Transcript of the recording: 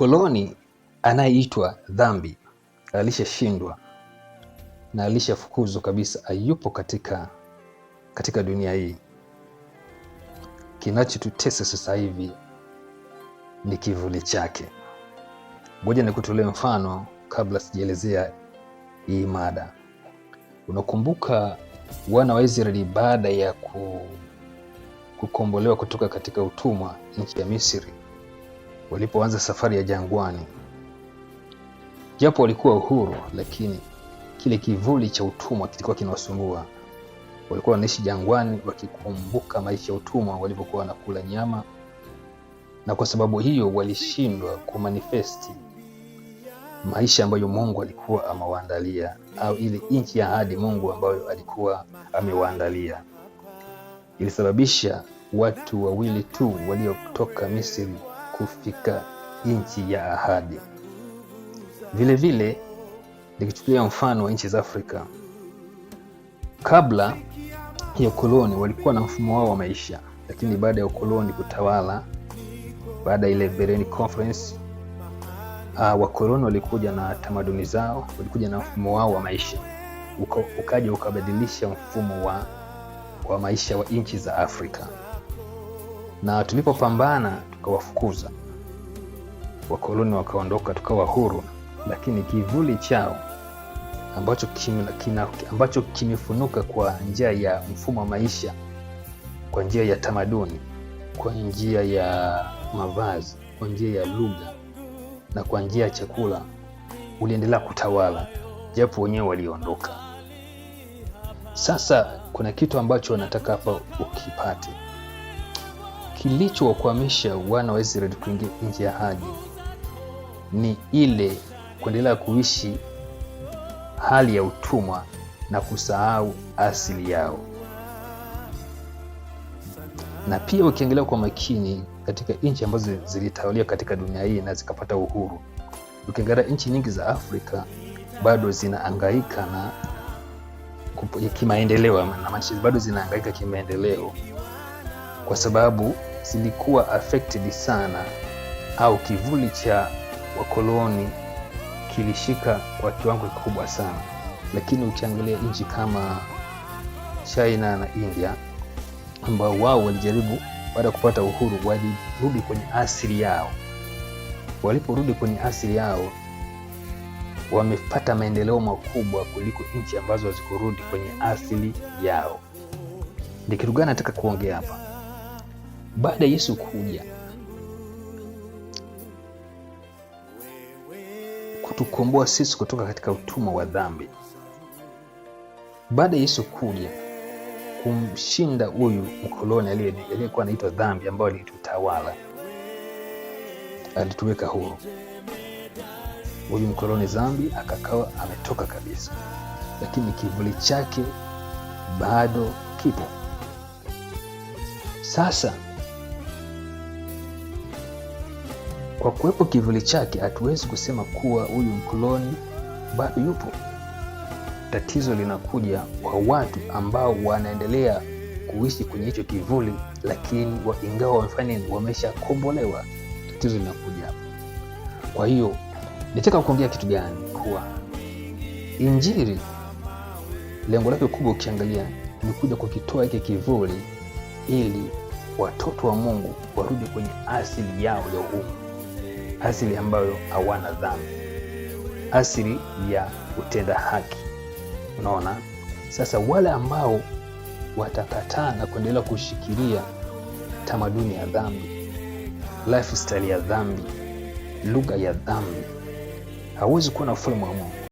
Mkoloni anayeitwa dhambi alishashindwa na alishafukuzwa kabisa, ayupo katika, katika dunia hii. Kinachotutesa sasa hivi ni kivuli chake. Ngoja nikutolee mfano kabla sijaelezea hii mada. Unakumbuka wana wa Israeli baada ya ku, kukombolewa kutoka katika utumwa nchi ya Misri walipoanza safari ya jangwani. Japo walikuwa uhuru, lakini kile kivuli cha utumwa kilikuwa kinawasumbua. Walikuwa wanaishi jangwani wakikumbuka maisha ya utumwa walivyokuwa wanakula nyama, na kwa sababu hiyo walishindwa kumanifesti maisha ambayo Mungu alikuwa amewaandalia au ile nchi ya ahadi Mungu ambayo alikuwa amewaandalia. Ilisababisha watu wawili tu waliotoka Misri kufika nchi ya ahadi. Vilevile nikichukulia mfano wa nchi za Afrika, kabla ya ukoloni walikuwa na mfumo wao wa maisha, lakini baada ya ukoloni kutawala, baada ya ile Bereni Conference uh, wakoloni walikuja na tamaduni zao, walikuja na mfumo wao wa maisha, ukaja ukabadilisha mfumo wa, wa maisha wa nchi za Afrika na tulipopambana tukawafukuza wakoloni, wakaondoka tukawa huru, lakini kivuli chao ambacho, kim, kina, ambacho kimefunuka kwa njia ya mfumo wa maisha, kwa njia ya tamaduni, kwa njia ya mavazi, kwa njia ya lugha na kwa njia ya chakula, uliendelea kutawala japo wenyewe waliondoka. Sasa kuna kitu ambacho nataka hapa ukipate kilichowakwamisha wana wa Israeli kuingia nchi ya ahadi ni ile kuendelea kuishi hali ya utumwa na kusahau asili yao. Na pia ukiangalia kwa makini katika nchi ambazo zilitawaliwa katika dunia hii na zikapata uhuru, ukiangalia nchi nyingi za Afrika bado zinaangaika na kimaendeleo, na bado zinaangaika kimaendeleo kwa sababu zilikuwa affected sana, au kivuli cha wakoloni kilishika kwa kiwango kikubwa sana, lakini ukiangalia nchi kama China na India ambao wao walijaribu baada ya kupata uhuru walirudi kwenye asili yao. Waliporudi kwenye asili yao wamepata maendeleo makubwa kuliko nchi ambazo hazikurudi kwenye asili yao. Ni kitu gani nataka kuongea hapa? baada ya Yesu kuja kutukomboa sisi kutoka katika utumwa wa dhambi, baada ya Yesu kuja kumshinda huyu mkoloni aliyekuwa anaitwa dhambi, ambayo alitutawala, alituweka huru. Huyu mkoloni dhambi akakawa ametoka kabisa, lakini kivuli chake bado kipo. Sasa Kwa kuwepo kivuli chake, hatuwezi kusema kuwa huyu mkoloni bado yupo. Tatizo linakuja kwa watu ambao wanaendelea kuishi kwenye hicho kivuli, lakini ingawa wamefanya wameshakombolewa, tatizo linakuja Kwa hiyo nitaka kuongea kitu gani? Kuwa injiri lengo lake kubwa, ukiangalia ni kuja kukitoa hiki kivuli, ili watoto wa Mungu warudi kwenye asili yao ya uhumu asili ambayo hawana dhambi, asili ya kutenda haki. Unaona, sasa wale ambao watakataa na kuendelea kushikilia tamaduni ya dhambi, lifestyle ya dhambi, lugha ya dhambi, hawezi kuwa na ufalme wa Mungu.